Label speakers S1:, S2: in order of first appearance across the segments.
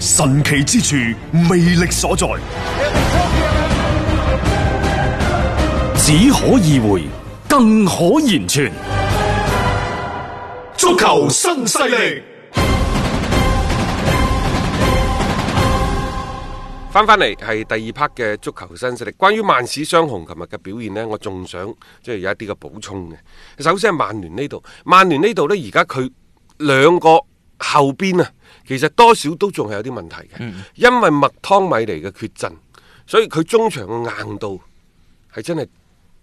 S1: 神奇之處，魅力所在，只可意會，更可言傳。足球新勢力，
S2: 翻翻嚟係第二 part 嘅足球新勢力。關於曼市雙雄琴日嘅表現呢，我仲想即係有一啲嘅補充嘅。首先係曼聯呢度，曼聯呢度呢，而家佢兩個後邊啊。其實多少都仲係有啲問題嘅，因為麥湯米尼嘅缺陣，所以佢中場嘅硬度係真係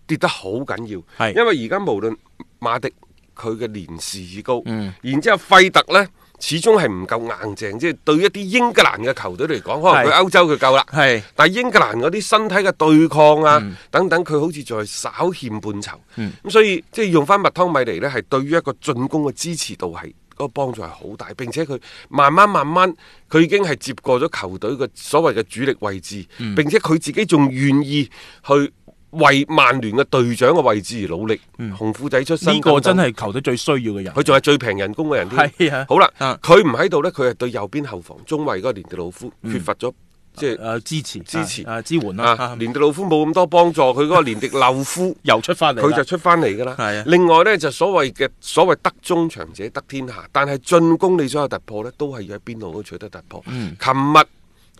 S2: 跌得好緊要。是因為而家無論馬迪佢嘅年事已高，嗯、然之後費特呢，始終係唔夠硬淨，即、就、係、是、對一啲英格蘭嘅球隊嚟講，是可能佢歐洲佢夠啦，是但係英格蘭嗰啲身體嘅對抗啊、嗯、等等，佢好似再稍欠半籌。咁、嗯嗯、所以即係用翻麥湯米尼呢，係對於一個進攻嘅支持度係。嗰個幫助係好大，並且佢慢慢慢慢，佢已經係接過咗球隊嘅所謂嘅主力位置，嗯、並且佢自己仲願意去為曼聯嘅隊長嘅位置而努力。紅褲、嗯、仔出身，呢個真係
S1: 球隊最需要嘅人，
S2: 佢仲係最平人工嘅人。係、啊、好啦了，佢唔喺度呢，佢係對右邊後防中衞嗰個連迪路夫、嗯、缺乏咗。即係支持支持啊支援啦，連迪老夫冇咁多幫助，佢嗰個連迪老夫又出翻嚟，佢就出翻嚟噶啦。係啊，另外咧就所謂嘅所謂得中場者得天下，但係進攻你所有突破咧，都係要喺邊度都取得突破。琴日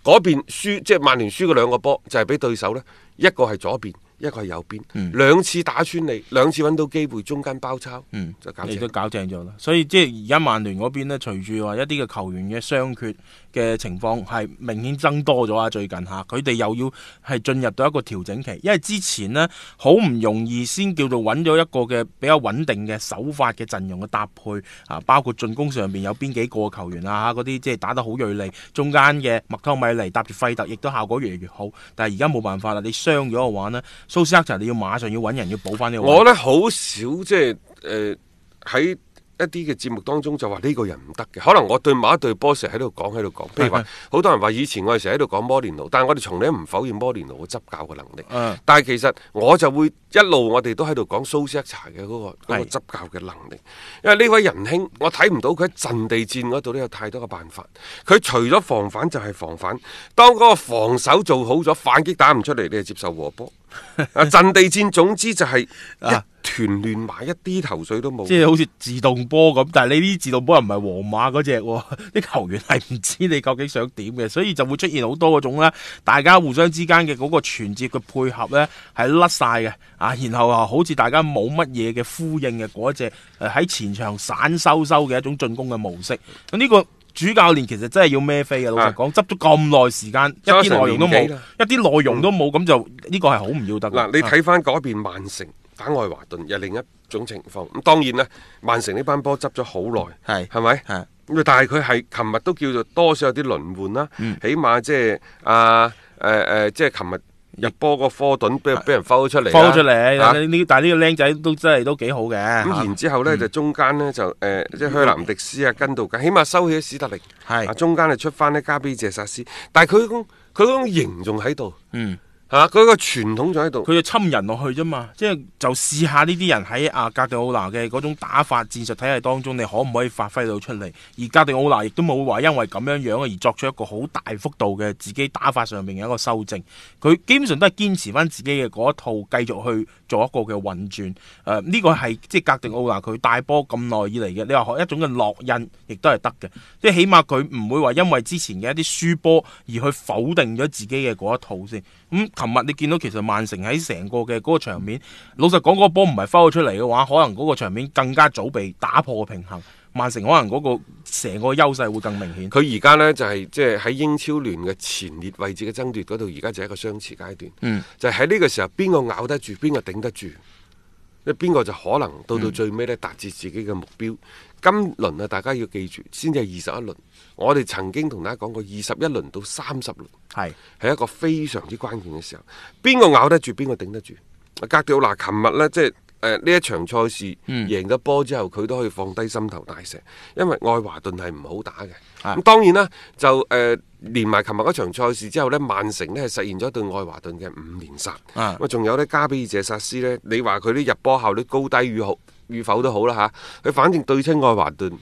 S2: 嗰邊輸，即係曼聯輸嘅兩個波，就係俾對手咧，一個
S1: 係左邊，一個係右邊，兩次打穿你，兩次搵到機會，中間包抄，就搞你都搞正咗啦。所以即係而家曼聯嗰邊咧，隨住話一啲嘅球員嘅傷缺。嘅情況係明顯增多咗啊！最近嚇，佢哋又要係進入到一個調整期，因為之前呢，好唔容易先叫做揾咗一個嘅比較穩定嘅手法嘅陣容嘅搭配啊，包括進攻上邊有邊幾個球員啊，嗰啲即係打得好鋭利，中間嘅麥托米尼搭住費特，亦都效果越嚟越好。但係而家冇辦法啦，你傷咗嘅話呢，蘇斯克臣你要馬上要揾人要補翻呢個位。我覺得
S2: 好少即係喺。就是呃一啲嘅節目當中就話呢個人唔得嘅，可能我對某一隊波成日喺度講喺度講，譬的如話好多人話以前我哋成日喺度講摩連奴，但係我哋從嚟唔否認摩連奴嘅執教嘅能力。的但係其實我就會一路我哋都喺度講蘇斯拆嘅嗰個嗰個執教嘅能力，的因為呢位仁兄我睇唔到佢喺陣地戰嗰度咧有太多嘅辦法，佢除咗防反就係防反，當嗰個防守做好咗，反擊打唔出嚟，你就接受和波。 啊！陣地戰，總之就係一團亂麻，啊、一啲頭緒都冇，即係好似
S1: 自動波咁。但係你呢啲自動波又唔係皇馬嗰隻，啊，啲 球員係唔知你究竟想點嘅，所以就會出現好多嗰種咧，大家互相之間嘅嗰個傳接嘅配合咧係甩晒嘅，啊，然後啊，好似大家冇乜嘢嘅呼應嘅嗰隻，誒喺前場散修修嘅一種進攻嘅模式。咁呢、呢個。主教練其實真係要孭飛呀，老實講，啊、執咗咁耐時間，一啲內容都冇，嗯、一啲內容都冇，咁就呢個係好唔要得。嗱、啊，你睇
S2: 翻嗰邊曼城打愛華頓又另一種情況，咁當然啦，曼城呢班波執咗好耐，係係咪？咁吧是但係佢係琴日都叫做多少有啲輪換啦，嗯、起碼即係阿誒誒，即係琴日。入波科盾、啊、個科頓俾俾人拋咗出嚟，拋出嚟。但係
S1: 呢，但個僆仔都真係都幾好嘅。咁、啊、然之後咧、嗯，
S2: 就中間咧就誒，即係靴南迪斯啊，嗯、跟到起碼收起史特力。係是的，中間就出翻
S1: 呢加比謝薩斯，但係佢佢嗰種型仲喺度。嗯。係佢一個傳統就喺度，佢就侵人落去啫嘛，即係就試下呢啲人喺阿、啊、格迪奧娜嘅嗰種打法戰術體系當中，你可唔可以發揮到出嚟？而格迪奧娜亦都冇話因為咁樣樣而作出一個好大幅度嘅自己打法上面嘅一個修正，佢基本上都係堅持翻自己嘅嗰一套，繼續去做一個嘅運轉。誒、呃、呢、這個係即係格迪奧娜，佢帶波咁耐以嚟嘅，你話學一種嘅烙印，亦都係得嘅，即係起碼佢唔會話因為之前嘅一啲輸波而去否定咗自己嘅嗰一套先。咁、嗯。琴日你見到其實曼城喺成個嘅嗰個場面，老實講嗰個波唔係返咗出嚟嘅話，可能嗰個場面更加早被打破平衡。曼城可能嗰個成個優勢會更明顯。佢而家呢，就
S2: 係即係喺英超聯嘅前列位置嘅爭奪嗰度，而家就係一個相持階段。嗯，就係喺呢個時候，邊個咬得住，邊個頂得住，咧邊個就可能到到最尾呢達至自己嘅目標。嗯。今輪啊，大家要記住，先至係二十一輪。我哋曾經同大家講過，二十一輪到三十輪係係是一個非常之關鍵嘅時候。邊個咬得住，邊個頂得住。哥迪奧拿琴日呢，即係呢、呃、一場賽事，嗯、贏咗波之後，佢都可以放低心頭大石，因為愛華頓係唔好打嘅。咁是當然啦，就誒、呃、連埋琴日嗰場賽事之後咧，曼城咧實現咗對愛華頓嘅五連殺。咁仲是有呢，加比爾謝薩斯呢，你話佢啲入波效率高低如何？與否都好啦，吓
S1: 佢反正對稱愛華頓。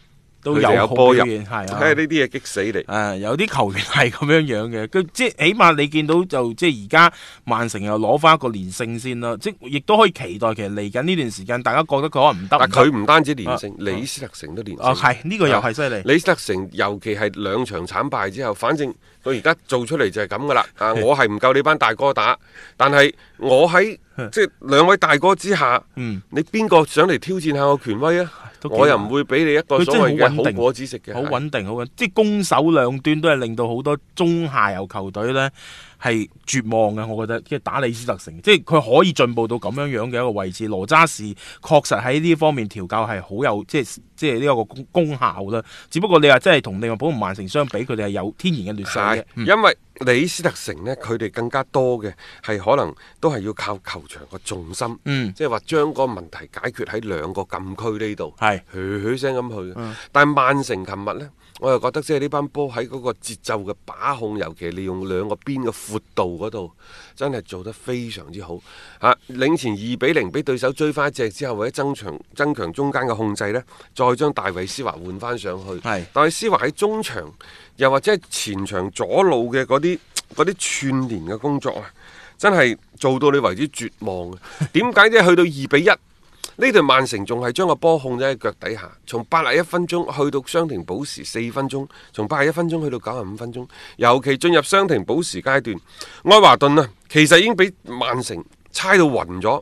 S1: 都有波入，係啊！睇下呢啲嘢激死你。啊，有啲球員係咁樣樣嘅，佢即係起碼你見到就即係而家曼城又攞翻一個連勝先啦，即亦都可以期待。其實嚟緊呢段時間，大家覺得佢可能唔得。啊，佢唔單止連勝，李斯特
S2: 城都連勝。哦，係呢個又係犀利。李斯特城尤其係兩場慘敗之後，反正佢而家做出嚟就係咁噶啦。啊，我係唔夠你班大哥打，但係我喺即係兩位大哥之下，你邊個想嚟挑戰下我權威啊？我又唔會俾你一個所謂嘅好果子食嘅，好穩
S1: 定，好是穩，穩，即係攻守兩端都係令到好多中下游球隊咧係絕望嘅。我覺得即係打李斯特城，即係佢可以進步到咁樣樣嘅一個位置。羅渣士確實喺呢方面調教係好有即係即係呢個功功效啦。只不過你話即係同利物浦同曼城相比，佢哋係有天然嘅劣勢嘅，是嗯、因為。李斯特城呢，佢哋更加多嘅係可能都係
S2: 要靠球場個重心，嗯、即係話將個問題解決喺兩個禁區呢度，噓噓聲咁去。嗯、但係曼城琴日呢。我又覺得即係呢班波喺嗰個節奏嘅把控，尤其利用兩個邊嘅闊度嗰度，真係做得非常之好。嚇、啊，領前二比零，俾對手追翻一隻之後，或者增強增強中間嘅控制呢，再將大衛斯華換翻上去。大衛斯華喺中場又或者係前場左路嘅嗰啲嗰啲串連嘅工作啊，真係做到你為之絕望、啊。點解咧？去到二比一。呢隊曼城仲係將個波控咗喺腳底下，從八十一分鐘去到傷停補時四分鐘，從八十一分鐘去到九十五分鐘，尤其進入傷停補時階段，愛華頓啊，其實已經俾曼城猜到暈咗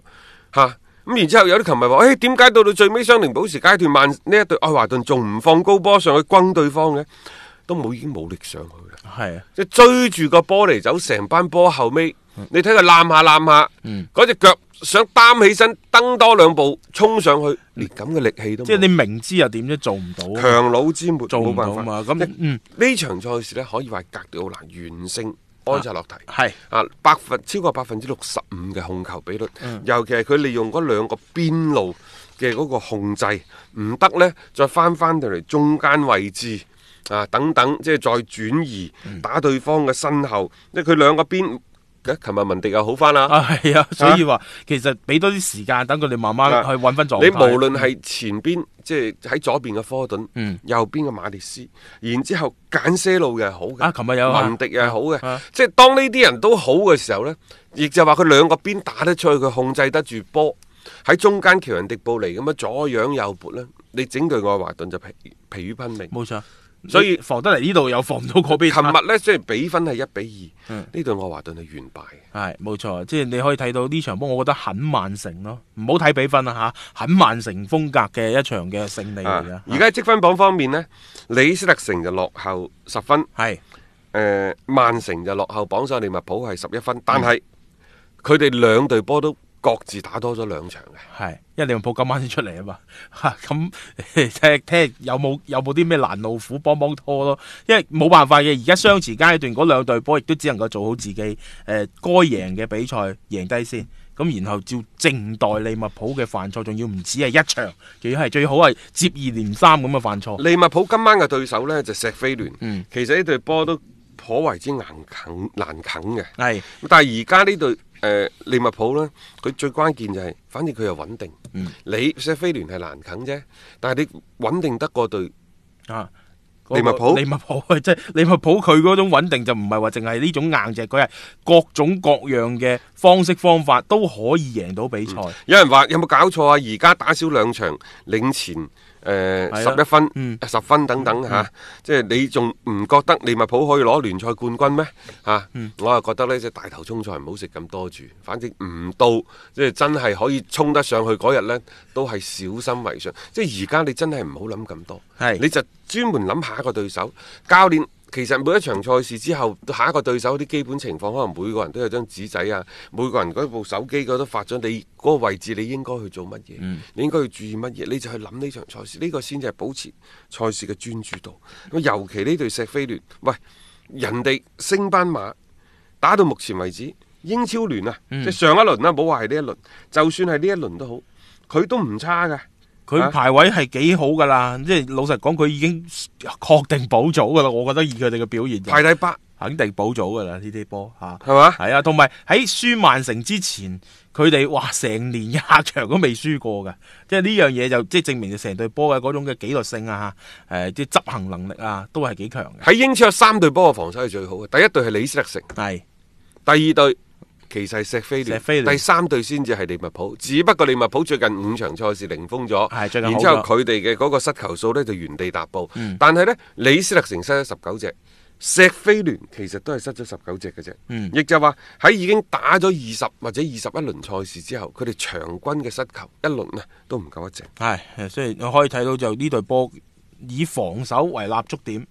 S2: 吓，咁、啊、然之後有啲球迷話，誒、哎，點解到到最尾傷停補時階段，曼呢一隊愛華頓仲唔放高波上去轟對方嘅？都冇，已經冇力上去啦。係啊，即係追住個波嚟走，成班波後尾，你睇佢攬下攬下，嗰隻腳想擔起身蹬多兩步衝上去，連咁嘅力氣都即係
S1: 你明知又點都做唔
S2: 到，強弩之末，做唔到嘛。咁呢場賽事咧可以話哥迪奧拿完勝安察洛堤係啊，百分超過百分之六十五嘅控球比率，尤其係佢利用嗰兩個邊路嘅嗰個控制唔得呢，再翻翻到嚟中間位置。啊！等等，即係再轉移打對方嘅身後，嗯、即係佢兩個邊嘅。琴日文迪又好翻啦，係啊，
S1: 啊，所以話、啊、其實俾多啲時間
S2: 等佢哋慢慢去搵翻狀態、啊、你無論係前邊、嗯、即係喺左邊嘅科頓，嗯、右邊嘅馬列斯，然之後簡些路又好嘅，啊，琴日有文迪又好嘅，啊、即係當呢啲人都好嘅時候咧，亦、啊啊、就話佢兩個邊打得出去，佢控制得住波喺中間。喬人迪布尼咁樣左仰右撥咧，你整對愛華頓就疲疲於奔命，冇錯。所以防得嚟呢度有防到嗰邊，琴
S1: 日咧，即係比分係一比二，嗯，呢隊愛華頓係完敗係冇錯，即係你可以睇到呢場波，我覺得很曼城咯，唔好睇比分啊吓，很曼城風格嘅一場嘅勝利嚟嘅。而
S2: 家積分榜方面咧，李斯特城就落後十分，係是，誒、呃，曼城就落後榜首利物浦係十一分，但係佢哋兩隊波都。各自打多咗兩場嘅，係，因
S1: 為利物浦今晚先出嚟啊嘛，咁即聽有冇有冇啲咩攔路虎幫幫，幫幫拖咯，因為冇辦法嘅，而家相持階段嗰兩隊波亦都只能夠做好自己，誒、呃，該贏嘅比賽贏低先，咁然後照正代利物浦嘅犯錯，仲要唔止係一場，仲要係最好係接二連三咁嘅犯錯。利
S2: 物浦今晚嘅對手呢，就是、錫菲聯，嗯，其實呢隊波都頗為之硬啃難啃嘅，係，但係而家呢隊。誒、呃、利物浦呢，佢最關鍵就係、是，反正佢又穩定。嗯、你即係菲聯係難啃啫，
S1: 但係你穩定得過對啊？
S2: 利物浦利物
S1: 浦即係利物浦佢嗰種穩定就唔係話淨係呢種硬隻，佢係各種各樣嘅方式方法都可以贏到比賽。嗯、
S2: 有人話有冇搞錯啊？而家打少兩場領前。誒十一分、十、嗯、分等等嚇，嗯啊、即係你仲唔覺得利物浦可以攞聯賽冠軍咩？嚇、啊，嗯、我就覺得呢隻大頭衝菜唔好食咁多住，反正唔到即係真係可以衝得上去嗰日呢，都係小心為上。即係而家你真係唔好諗咁多，的你就專門諗下一個對手，教練。其實每一場賽事之後，下一個對手啲基本情況，可能每個人都有張紙仔啊，每個人嗰部手機嗰都發咗你嗰、那個位置，你應該去做乜嘢，嗯、你應該要注意乜嘢，你就去諗呢場賽事，呢、這個先至係保持賽事嘅專注度。尤其呢隊錫菲聯，喂，人哋升班馬打到目前為止，英超聯啊，嗯、即上一輪啦、啊，冇話係呢一輪，就算係呢一輪都好，佢都唔差㗎。
S1: 佢排位係幾好噶啦，即係老實講，佢已經確定保組噶啦。我覺得以佢哋嘅表現，排第八肯定保組噶啦呢啲波吓，係嘛？係吧啊，同埋喺輸曼城之前，佢哋話成年一場都未輸過嘅，即係呢樣嘢就即係證明成隊波嘅嗰種嘅紀律性啊，誒、呃，即係執行能力啊，都係幾強嘅。喺英超有三隊波嘅
S2: 防守係最好嘅，第一隊係李斯特城，係是，第二隊。其實謝菲聯第三隊先至係利物浦，只不過利物浦最近五場賽事零封咗，然之後佢哋嘅嗰個失球數呢就原地踏步，嗯、但係呢，李斯特城失咗十九隻，謝菲聯其實都係失咗十九隻嘅啫，亦、嗯、就話喺已經打咗二十或者二十一
S1: 輪賽事之後，佢哋場均嘅失球一輪呢都唔夠一隻，係，所以你可以睇到就呢隊波以防守為立足點，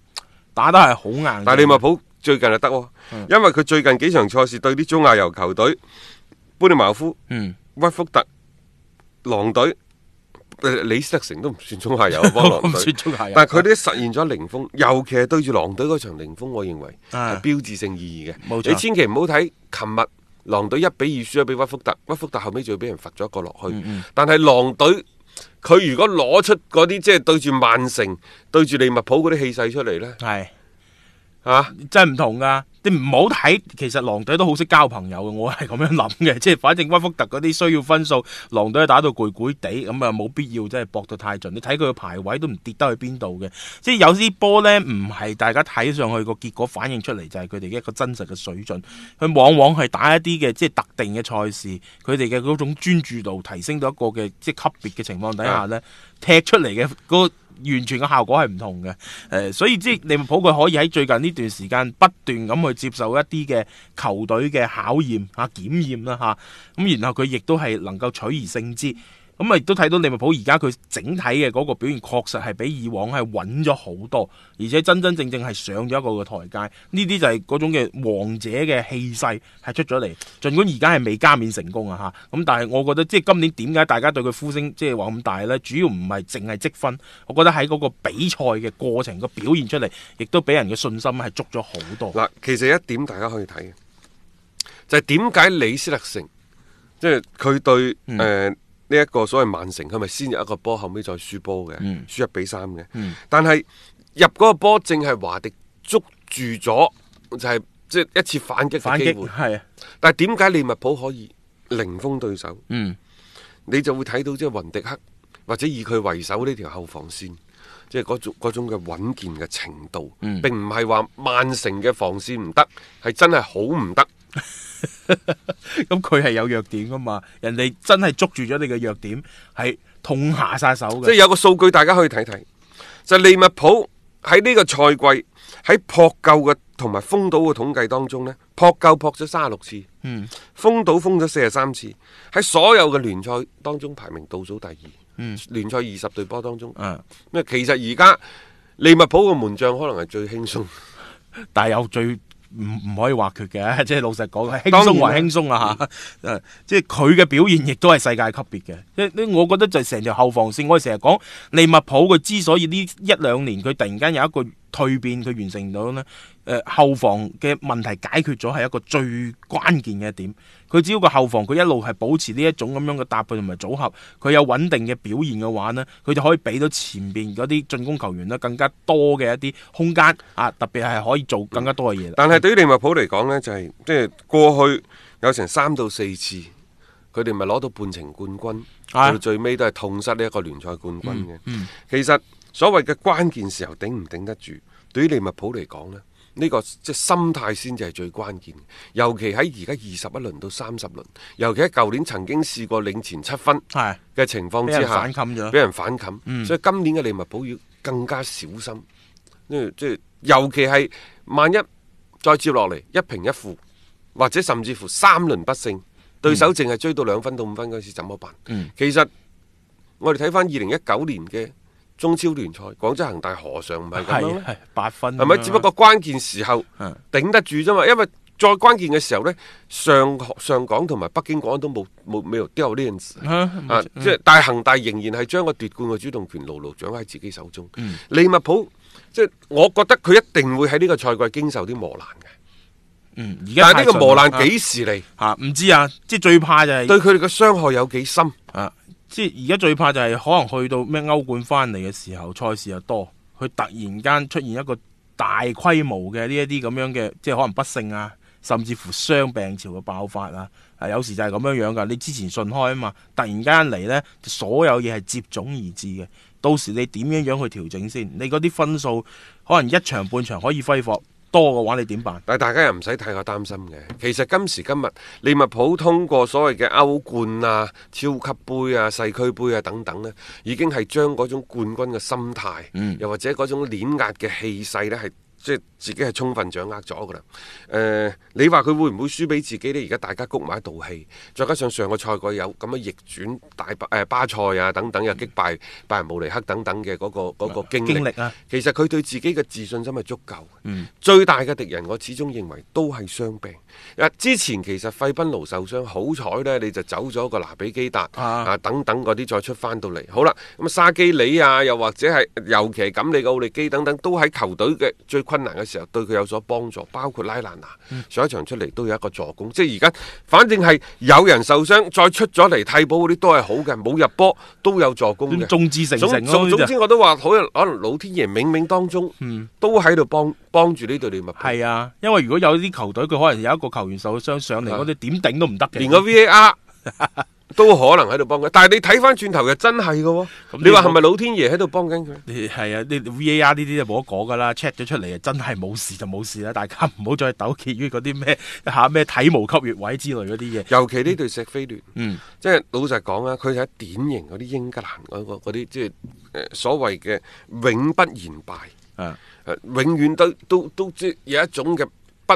S1: 打得係好硬。但利物浦。
S2: 最近就得，因為佢最近幾場賽事對啲中下游球隊，般尼茅夫、屈福特、狼隊、李斯特城都唔算中下游，幫狼隊，但係佢哋實現咗零封，尤其係對住狼隊嗰場零封，我認為係標誌性意義嘅。你千祈唔好睇，琴日狼隊一比二輸咗俾屈福特，屈福特後尾仲要俾人罰咗一個落去。但係狼隊佢如果攞出嗰啲
S1: 即係對住曼城、對住利物浦嗰啲氣勢出嚟呢，係。吓，啊、真係唔同噶，你唔好睇。其實狼隊都好識交朋友嘅，我係咁樣諗嘅。即係反正威福特嗰啲需要分數，狼隊打到攰攰地，咁啊冇必要真係搏到太盡。你睇佢嘅排位都唔跌得去邊度嘅。即係有啲波呢，唔係大家睇上去個結果反映出嚟，就係佢哋一個真實嘅水準。佢往往係打一啲嘅即係特定嘅賽事，佢哋嘅嗰種專注度提升到一個嘅即係級別嘅情況底下呢，啊、踢出嚟嘅完全嘅效果係唔同嘅，誒、呃，所以即係利物浦佢可以喺最近呢段時間不斷咁去接受一啲嘅球隊嘅考驗吓、檢驗啦吓，咁、啊、然後佢亦都係能夠取而勝之。咁咪亦都睇到利物浦而家佢整體嘅嗰個表現，確實係比以往係穩咗好多，而且真真正正係上咗一個嘅台階。呢啲就係嗰種嘅王者嘅氣勢係出咗嚟。盡管而家係未加冕成功啊吓，咁但係我覺得即係今年點解大家對佢呼聲即係話咁大咧？主要唔係淨係積分，我覺得喺嗰個比賽嘅過程個表現出嚟，亦都俾人嘅信心係足咗好多。嗱，其實一點大家可以睇嘅，就係點解李斯特城
S2: 即係佢對誒。嗯呢一個所謂曼城，佢咪先入一個波，後尾再輸波嘅，輸一、嗯、比三嘅。嗯、但係入嗰個波，正係華迪捉住咗，就係即係一次反擊嘅機會。但係點解利物浦可以零封對手？嗯，你就會睇到即係、就是、雲迪克或者以佢為首呢條後防線，即係嗰種嗰種嘅穩健嘅程度。嗯，並唔係話曼城嘅
S1: 防線唔得，係真係好唔得。咁佢係有弱點噶嘛？人哋真係捉住咗你嘅弱點，係痛下殺手嘅。即係有個數據，大
S2: 家可以睇睇，就是、利物浦喺呢個賽季喺撲救嘅同埋封堵嘅統計當中呢，撲救撲咗三十六次，嗯，封堵封咗四十三次，喺所有嘅聯賽當中排名倒數第二，嗯，聯賽二十隊波當中，啊、嗯，其實而家
S1: 利物浦嘅門將可能係最輕鬆，嗯，但係有最。唔唔可以話缺嘅，即係老實講，係輕鬆還輕鬆啊吓，誒，即係佢嘅表現亦都係世界級別嘅，即係我覺得就成條後防線，我成日講利物浦佢之所以呢一兩年佢突然間有一個蛻變，佢完成到咧。誒、呃，後防嘅問題解決咗係一個最關鍵嘅一點。佢只要個後防佢一路係保持呢一種咁樣嘅搭配同埋組合，佢有穩定嘅表現嘅話呢，佢就可以俾到前邊嗰啲進攻球員咧更加多嘅一啲空間啊！特別係可以做更加多嘅嘢，嗯。但係
S2: 對於利物浦嚟講呢就係即係過去有成三到四次，佢哋咪攞到半程冠軍，啊，到最尾都係痛失呢一個聯賽冠軍嘅。嗯嗯，其實所謂嘅關鍵時候頂唔頂得住，對於利物浦嚟講咧。呢、這個即係心態先至係最關鍵，尤其喺而家二十一輪到三十輪，尤其喺舊年曾經試過領前七分嘅情況之下，俾、啊、人反冚咗，俾人反冚、嗯、所以今年嘅利物浦要更加小心。即係尤其係萬一再接落嚟一平一負，或者甚至乎三輪不勝，嗯、對手淨係追到兩分到五分嗰陣時，怎麼辦？嗯、其實我哋睇翻二零一九年嘅。中超聯賽，廣州恒大何嘗唔係咁樣咧、啊？係
S1: 八分，係咪？只不過
S2: 關鍵時候頂得住啫嘛。因為再關鍵嘅時候呢，上上港同埋北京國安都冇冇冇掉呢陣字即係，但係恒大仍然係將個奪冠嘅主動權牢牢掌握喺自己手中。嗯、利物浦，即、就、係、是、我覺得佢一定會喺呢個賽季經受啲磨難嘅。嗯，
S1: 而但係呢個磨難幾時嚟吓？唔、啊啊啊、知啊！即係最怕就係對佢哋嘅傷害有幾深啊！啊即係而家最怕就係可能去到咩歐冠翻嚟嘅時候，賽事又多，佢突然間出現一個大規模嘅呢一啲咁樣嘅，即係可能不勝啊，甚至乎傷病潮嘅爆發啊，啊有時就係咁樣樣噶，你之前順開啊嘛，突然間嚟呢，所有嘢係接踵而至嘅，到時你點樣樣去調整先？你嗰啲分數可能一場半場可以揮霍。多嘅話，你點辦？
S2: 但係大家又唔使太過擔心嘅。其實今時今日，利物浦通過所謂嘅歐冠啊、超級杯啊、世俱杯啊等等呢，已經係將嗰種冠軍嘅心態，嗯、又或者嗰種碾壓嘅氣勢咧，係。即係自己係充分掌握咗噶啦，誒，你話佢會唔會輸俾自己呢？而家大家谷埋一道氣，再加上上個賽季有咁樣逆轉大巴、誒巴塞啊等等，又擊敗拜仁慕尼黑等等嘅嗰個嗰個經歷啊，其實佢對自己嘅自信心係足夠。最大嘅敵人我始終認為都係傷病。之前其實費賓奴受傷，好彩呢你就走咗個拿比基達啊等等嗰啲再出翻到嚟。好啦，咁啊沙基里啊，又或者係尤其係咁你嘅奧利基等等，都喺球隊嘅最。困難嘅時候對佢有所幫助，包括拉蘭娜上一場出嚟都有一個助攻，嗯、即係而家反正係有人受傷再出咗嚟替補嗰啲都係好嘅，冇入波都有助攻嘅，眾志成，成，成總，總，總之我都
S1: 話，可能可能老天爺冥冥當中、嗯、都喺度幫幫住呢隊利物浦。係啊，因為如果有啲球隊佢可能有一個球員受咗傷上嚟我哋點頂都唔得，連個 VAR。 都可能喺度幫緊，但係你睇翻轉頭又真係噶喎。你話係咪老天爺喺度幫緊佢？係啊，啲 VAR 呢啲就冇得講噶啦，check 咗出嚟啊，真係冇事就冇事啦。大家唔好再糾結於嗰啲咩吓咩體毛級越位之類嗰啲嘢。尤其呢隊錫菲聯，嗯、
S2: 即係老實講啊，佢係典型嗰啲英格蘭嗰個啲，即係誒所謂嘅永不言敗啊，嗯、永遠都都都即有一種嘅。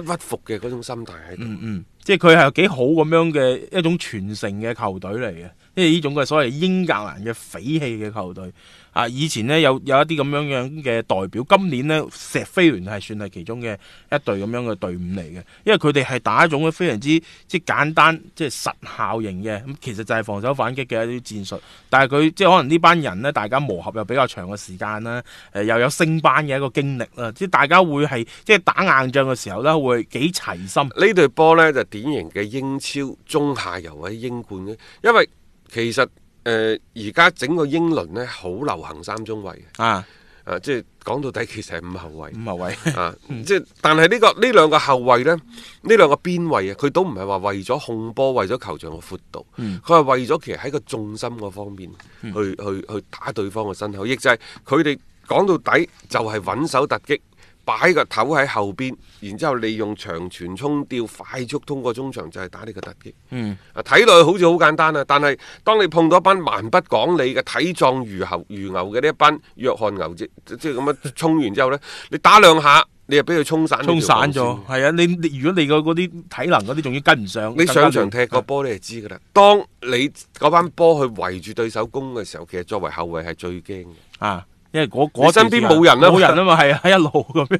S1: 屈屈服嘅嗰種心態喺度，嗯、即係佢係幾好咁樣嘅一種傳承嘅球隊嚟嘅。即係呢種嘅所謂英格蘭嘅匪氣嘅球隊啊！以前呢有有一啲咁樣樣嘅代表，今年呢，錫菲聯係算係其中嘅一隊咁樣嘅隊伍嚟嘅。因為佢哋係打一種非常之即係簡單、即係實效型嘅，咁其實就係防守反擊嘅一啲戰術。但係佢即係可能呢班人呢，大家磨合又比較長嘅時間啦，誒、呃、又有升班嘅一個經歷啦，即係大家會係即係打硬仗嘅時候呢，會幾齊心。呢隊波呢，就係、典型嘅英超
S2: 中下游或者英冠嘅，因為。其實誒，而、呃、家整個英倫呢，好流行三中衛啊！誒，即係講到底，其實係五後衛，五後衛啊！即係，但係呢、這個呢兩個後衛咧，兩邊呢兩個邊位啊，佢都唔係話為咗控波，為咗球場嘅闊度，佢係、嗯、為咗其實喺個重心嘅方面去、嗯、去去，去打對方嘅身後，亦就係佢哋講到底就係穩守突擊。擺個頭喺後邊，然之後利用長傳衝吊快速通過中場，就係打呢個突擊。嗯，啊睇落去好似好簡單啊，但係當你碰到一班蠻不講理嘅體壯如猴如牛嘅呢一班約翰牛，即即咁樣衝完之後呢，你打兩下，你就俾佢衝散衝散咗。
S1: 係啊，你如果你個嗰啲體能嗰啲，仲要跟唔上。你上場踢
S2: 個波，你就知噶啦。啊、當你嗰班波去圍住對手攻嘅時候，其實作為後衛係最驚嘅啊。因為嗰身邊冇人啊，冇人啊嘛，係
S1: 啊，一路咁樣，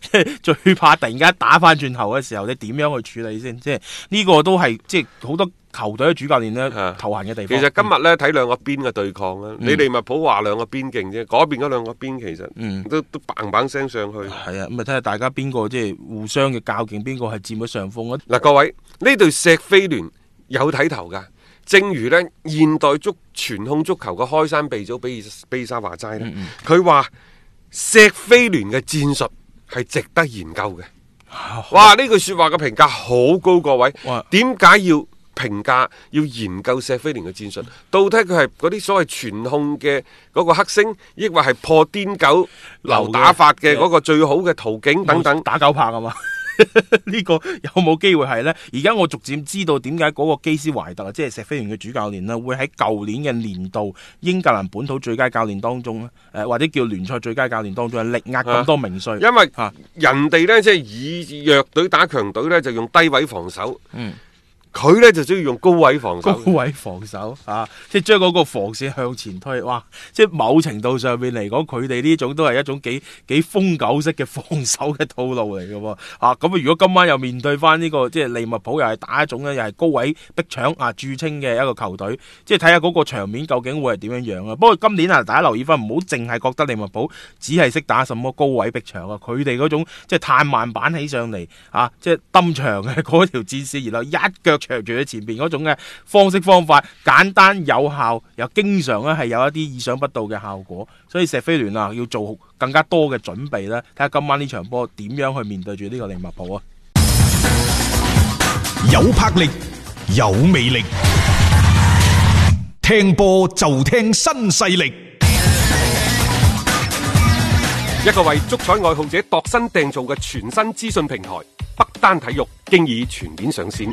S1: 即 係最怕突然間打翻轉頭嘅時候，你點樣去處理先？即係呢個都係即係好多球隊主教練咧頭痕嘅地方。其實今
S2: 日咧睇兩個邊嘅對抗啊，嗯、你哋咪普話兩個邊勁啫，嗰邊嗰兩個邊其實、嗯、都都棒棒聲上去。係啊，
S1: 咁咪睇下大家邊個即係互
S2: 相嘅較勁，邊個係佔咗上風、嗯、啊？嗱、啊，各位呢對石飛聯有睇頭噶。正如呢，現代足傳控足球嘅開山鼻祖比爾沙話齋呢，佢話、嗯嗯、錫菲聯嘅戰術係值得研究嘅。哇！呢哇句説話嘅評價好高，各位。點解哇要評價要研究錫菲聯嘅戰術？嗯、到底佢係嗰啲所謂傳控嘅嗰個黑星，抑或
S1: 係破癲狗流打法嘅嗰個最好嘅途徑等等？打狗拍啊嘛！呢 個有冇機會係呢？而家我逐漸知道點解嗰個基斯懷特啊，即係錫菲聯嘅主教練啦，會喺舊年嘅年度英格蘭本土最佳教練當中咧，誒，或者叫聯賽最佳教練當中力壓咁多名帥，啊，因為吓
S2: 人哋呢，即係，啊，以弱隊打強隊呢就用低位防守。嗯。佢咧就中意用高位
S1: 防守，高位防守啊！即係將嗰個防線向前推，哇！即係某程度上面嚟講，佢哋呢種都係一種幾幾瘋狗式嘅防守嘅套路嚟嘅喎。啊，咁、嗯、啊！如果今晚又面對翻呢個即係利物浦，又係打一種咧，又係高位逼搶啊著稱嘅一個球隊，即係睇下嗰個場面究竟會係點樣樣啊！不過今年啊，大家留意翻，唔好淨係覺得利物浦只係識打什麼高位逼搶啊！佢哋嗰種即係太慢板起上嚟啊，即係抌場嘅嗰條戰線，然後一腳，卓住喺前邊嗰種嘅方式方法，簡單有效又經常咧係有一啲意想不到嘅效果，所以謝菲聯啊，要做更加多嘅準備啦。睇下今晚呢場波點樣去面對住呢個利物浦啊。有魄力，有魅力，聽波就聽新勢力，
S2: 一個為足彩愛好者度身訂造嘅全新資訊平台北單體育，經已全面上線。